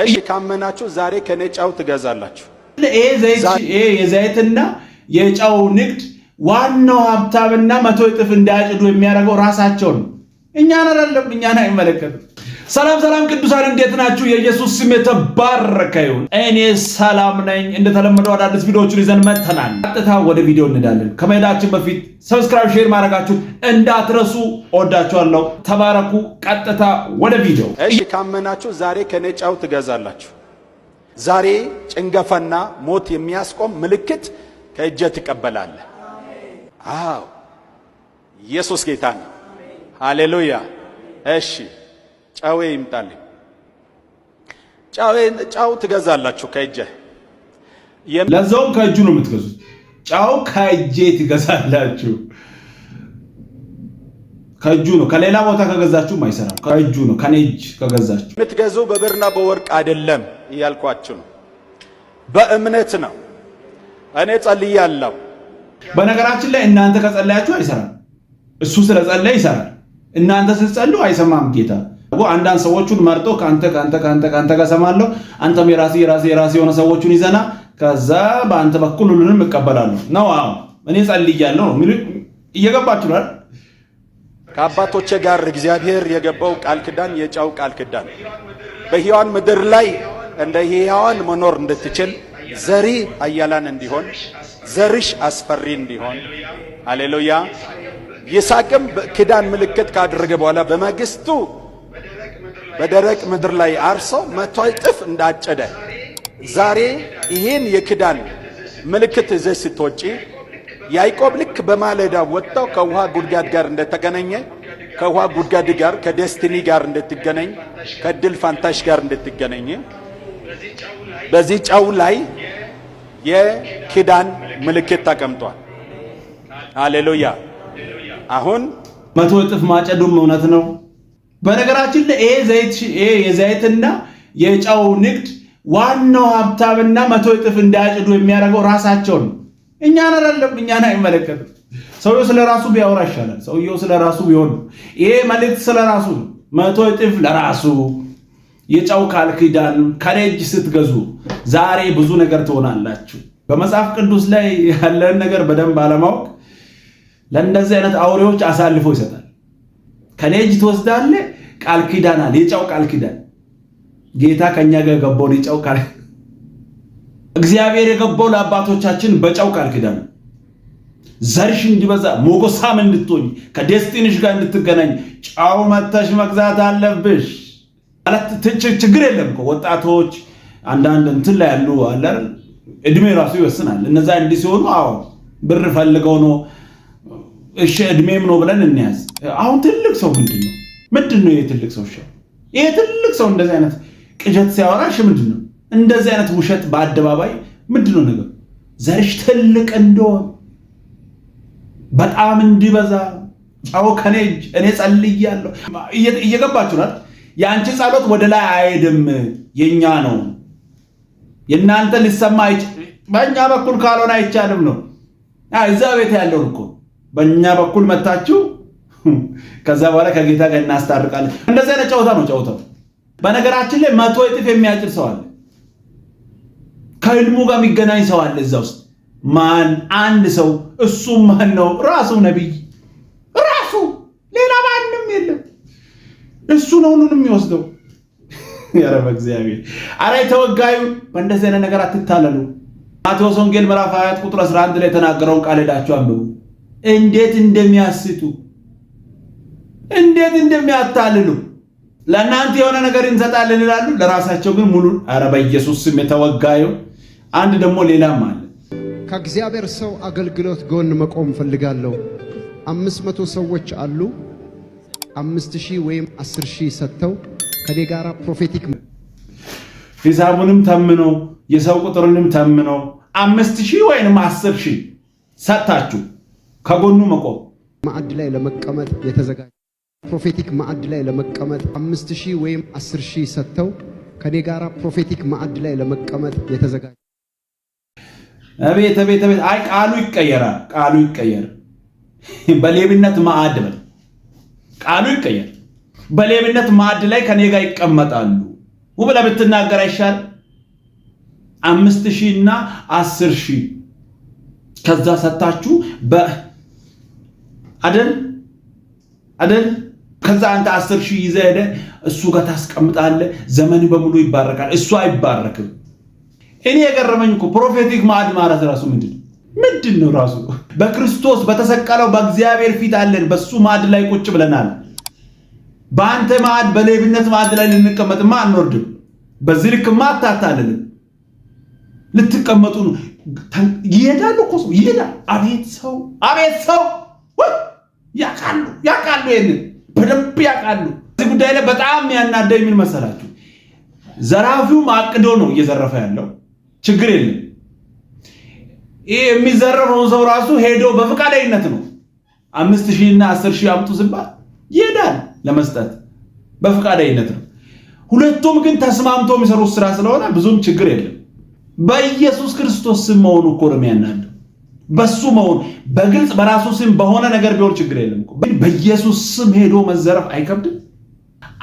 እሺ ካመናችሁ ዛሬ ከኔ ጫው ትገዛላችሁ። ይሄ የዘይትና የጫው ንግድ ዋናው ሀብታምና መቶ እጥፍ እንዳያጭዱ የሚያደርገው ራሳቸው ነው። እኛን አይደለም፣ እኛን አይመለከትም። ሰላም ሰላም ቅዱሳን እንዴት ናችሁ? የኢየሱስ ስም የተባረከ ይሁን። እኔ ሰላም ነኝ። እንደተለመደው አዳዲስ ቪዲዮዎችን ይዘን መጥተናል። ቀጥታ ወደ ቪዲዮ እንሄዳለን። ከመሄዳችን በፊት ሰብስክራይብ፣ ሼር ማድረጋችሁ እንዳትረሱ። ወዳችኋለሁ። ተባረኩ። ቀጥታ ወደ ቪዲዮ። ካመናችሁ ዛሬ ከኔ ጨው ትገዛላችሁ። ዛሬ ጭንገፋና ሞት የሚያስቆም ምልክት ከእጀ ትቀበላለህ። አዎ ኢየሱስ ጌታ ነው። ሃሌሉያ። እሺ ጫዌ ይምጣልኝ። ጫው ትገዛላችሁ ከእጄ ለዛውም ከእጁ ነው የምትገዙት። ጫው ከእጄ ትገዛላችሁ። ከእጁ ነው። ከሌላ ቦታ ከገዛችሁ አይሰራም። ከእጁ ነው። ከኔ እጅ ከገዛችሁ የምትገዙ በብርና በወርቅ አይደለም እያልኳችሁ ነው። በእምነት ነው። እኔ ጸልያለሁ። በነገራችን ላይ እናንተ ከጸለያችሁ አይሰራም። እሱ ስለጸለየ ይሰራል። እናንተ ስትጸሉ አይሰማም ጌታ አንዳንድ ሰዎቹን መርጦ ከአንተ ከአንተ ከአንተ ከአንተ ጋር ሰማለሁ አንተም የራሴ የራሴ የራሴ የሆነ ሰዎቹን ይዘና ከዛ በአንተ በኩል ሁሉንም እቀበላለሁ ነው። አዎ እኔ ጸልያለሁ ነው እየገባችኋል? ከአባቶቼ ጋር እግዚአብሔር የገባው ቃል ክዳን የጫው ቃል ክዳን በሕያዋን ምድር ላይ እንደ ሕያዋን መኖር እንድትችል ዘሪ አያላን እንዲሆን ዘርሽ አስፈሪ እንዲሆን ሃሌሉያ። ይስሐቅም ክዳን ምልክት ካደረገ በኋላ በማግስቱ በደረቅ ምድር ላይ አርሶ መቶ እጥፍ እንዳጨደ ዛሬ ይህን የክዳን ምልክት ይዘሽ ስትወጪ ያዕቆብ ልክ በማለዳ ወጥተው ከውሃ ጉድጋድ ጋር እንደተገናኘ ከውሃ ጉድጋድ ጋር ከደስቲኒ ጋር እንድትገናኝ ከድል ፋንታሽ ጋር እንድትገናኝ በዚህ ጨው ላይ የክዳን ምልክት ተቀምጧል። ሃሌሉያ! አሁን መቶ እጥፍ ማጨዱም እውነት ነው። በነገራችን ላይ ይሄ የዘይትና የጨው ንግድ ዋናው ሀብታምና መቶ እጥፍ እንዳያጭዱ የሚያደርገው ራሳቸውን እኛን አይደለም፣ እኛን አይመለከትም። ሰውየው ስለ ራሱ ቢያወራ ይሻላል። ሰውየው ስለ ራሱ ቢሆን ይሄ መልእክት ስለ ራሱ ነው። መቶ እጥፍ ለራሱ የጨው ቃል ኪዳን ከደጅ ስትገዙ ዛሬ ብዙ ነገር ትሆናላችሁ። በመጽሐፍ ቅዱስ ላይ ያለን ነገር በደንብ አለማወቅ ለእንደዚህ አይነት አውሬዎች አሳልፎ ይሰጣል። ከኔ ትወስዳለ ትወስዳለህ ቃል ኪዳን አለ። የጨው ቃል ኪዳን ጌታ ከኛ ጋር ገባውን የጨው ቃል እግዚአብሔር የገባው ለአባቶቻችን በጨው ቃል ኪዳን ዘርሽ እንዲበዛ ሞጎሳም እንድትሆኝ ከዴስቲኒሽ ጋር እንድትገናኝ ጨው መተሽ መግዛት አለብሽ። ማለት ችግር የለም እኮ ወጣቶች አንዳንድ እንትን ላይ ያሉ አለ እድሜ ራሱ ይወስናል። እነዛ እንዲህ ሲሆኑ አዎ ብር ፈልገው ነው እሺ እድሜም ነው ብለን እንያዝ። አሁን ትልቅ ሰው ምንድን ነው ምንድን ነው ይሄ ትልቅ ሰው? ይሄ ትልቅ ሰው እንደዚህ አይነት ቅዠት ሲያወራ እሺ፣ ምንድን ነው እንደዚህ አይነት ውሸት በአደባባይ ምንድን ነው ነገር? ዘርሽ ትልቅ እንደሆን በጣም እንዲበዛ ጫው ከኔ እጅ እኔ ጸልያለሁ። እየገባችሁ ናት። የአንቺ ጸሎት ወደ ላይ አይሄድም፣ የኛ ነው። የእናንተ ሊሰማ በእኛ በኩል ካልሆነ አይቻልም ነው እዛ ቤት ያለው እኮ በእኛ በኩል መታችሁ ከዛ በኋላ ከጌታ ጋር እናስታርቃለን። እንደዚህ አይነት ጨዋታ ነው ጨዋታው። በነገራችን ላይ መቶ እጥፍ የሚያጭር ሰው አለ፣ ከህልሙ ጋር የሚገናኝ ሰው አለ። እዛ ውስጥ ማን አንድ ሰው እሱ ማን ነው? ራሱ ነቢይ ራሱ፣ ሌላ ማንም የለም። እሱ ነው ሁሉንም የሚወስደው። ኧረ በእግዚአብሔር! ኧረ ተወጋዩ፣ በእንደዚህ አይነት ነገር አትታለሉ። ማቴዎስ ወንጌል ምዕራፍ 20 ቁጥር 11 ላይ የተናገረውን ቃል ሄዳችሁ አንብቡ፣ እንዴት እንደሚያስቱ እንዴት እንደሚያታልሉ ለእናንተ የሆነ ነገር እንሰጣለን ይላሉ። ለራሳቸው ግን ሙሉ ኧረ በኢየሱስ ስም የተወጋዩ። አንድ ደግሞ ሌላም አለ። ከእግዚአብሔር ሰው አገልግሎት ጎን መቆም ፈልጋለሁ። አምስት መቶ ሰዎች አሉ። አምስት ሺህ ወይም አስር ሺህ ሰጥተው ከኔ ጋር ፕሮፌቲክ ሂሳቡንም ተምኖ የሰው ቁጥርንም ተምኖ አምስት ሺህ ወይንም አስር ሺህ ሰጥታችሁ ከጎኑ መቆም ማዕድ ላይ ለመቀመጥ የተዘጋጀ ፕሮፌቲክ ማዕድ ላይ ለመቀመጥ አምስት ሺህ ወይም አስር ሺህ ሰጥተው ከኔ ጋር ፕሮፌቲክ ማዕድ ላይ ለመቀመጥ የተዘጋጀ አቤት አቤት አቤት! አይ ቃሉ ይቀየራል። ቃሉ ይቀየር። በሌብነት ማዕድ በል። ቃሉ ይቀየር። በሌብነት ማዕድ ላይ ከኔ ጋር ይቀመጣሉ። ውብ ብትናገር አይሻል? አምስት ሺህ እና አስር ሺህ ከዛ ሰታችሁ በአደል አደል ከዛ አንተ አስር ሺህ ይዘህ ሄደህ እሱ ጋር ታስቀምጣለህ። ዘመን በሙሉ ይባረካል፣ እሱ አይባረክም። እኔ የገረመኝ እኮ ፕሮፌቲክ ማዕድ ማረስ ራሱ ምንድን ምንድን ነው ራሱ በክርስቶስ በተሰቀለው በእግዚአብሔር ፊት አለን። በሱ ማዕድ ላይ ቁጭ ብለናል። በአንተ ማዕድ፣ በሌብነት ማዕድ ላይ ልንቀመጥማ አንወርድም። በዚህ ልክማ አታታልልም። ልትቀመጡ ነው። ይሄዳሉ እኮ ሰው ይሄዳል። አቤት ሰው፣ አቤት ሰው አቤት ሰው ያቃሉ ያቃሉ ይሄንን በደንብ ያውቃሉ። እዚህ ጉዳይ ላይ በጣም ያናደ የሚል መሰላችሁ? ዘራፊው አቅዶ ነው እየዘረፈ ያለው። ችግር የለም። ይህ የሚዘረፈውን ሰው ራሱ ሄዶ በፈቃደኝነት ነው አምስት ሺህ እና አስር ሺህ አምጡ ሲባል ይሄዳል ለመስጠት በፈቃደኝነት ነው። ሁለቱም ግን ተስማምቶ የሚሰሩት ስራ ስለሆነ ብዙም ችግር የለም። በኢየሱስ ክርስቶስ ስም መሆኑ እኮ ነው የሚያናደው። በሱ መሆን በግልጽ በራሱ ስም በሆነ ነገር ቢሆን ችግር የለም። በኢየሱስ ስም ሄዶ መዘረፍ አይከብድም።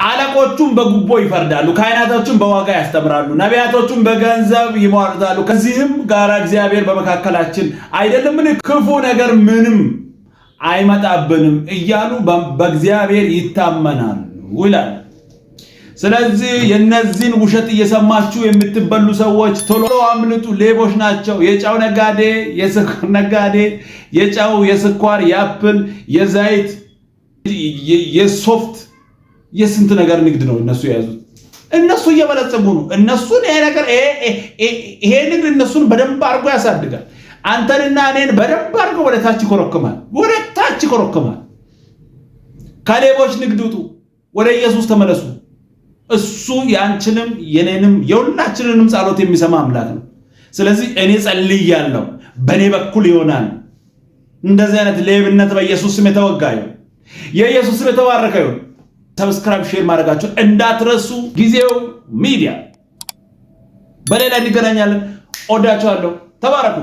አለቆቹም በጉቦ ይፈርዳሉ፣ ካህናቶቹም በዋጋ ያስተምራሉ፣ ነቢያቶቹም በገንዘብ ይሟርታሉ። ከዚህም ጋር እግዚአብሔር በመካከላችን አይደለምን? ክፉ ነገር ምንም አይመጣብንም እያሉ በእግዚአብሔር ይታመናሉ ይላል። ስለዚህ የነዚህን ውሸት እየሰማችሁ የምትበሉ ሰዎች ቶሎ አምልጡ። ሌቦች ናቸው። የጨው ነጋዴ፣ የስኳር ነጋዴ፣ የጨው፣ የስኳር፣ የአፕል፣ የዘይት፣ የሶፍት የስንት ነገር ንግድ ነው እነሱ የያዙት። እነሱ እየበለጸጉ ነው። እነሱን ይሄ ነገር ይሄ ንግድ እነሱን በደንብ አድርጎ ያሳድጋል። አንተንና እኔን በደንብ አድርጎ ወደ ታች ይኮረክማል፣ ወደ ታች ይኮረክማል። ከሌቦች ንግድ ውጡ፣ ወደ ኢየሱስ ተመለሱ። እሱ የአንችንም የኔንም የሁላችንንም ጸሎት የሚሰማ አምላክ ነው። ስለዚህ እኔ ጸልያለሁ፣ በእኔ በኩል ይሆናል። እንደዚህ አይነት ሌብነት በኢየሱስ ስም የተወጋ ይሁን። የኢየሱስ ስም የተባረከ ይሁን። ሰብስክራይብ፣ ሼር ማድረጋችሁን እንዳትረሱ። ጊዜው ሚዲያ በሌላ እንገናኛለን። ወዳችኋለሁ። ተባረኩ።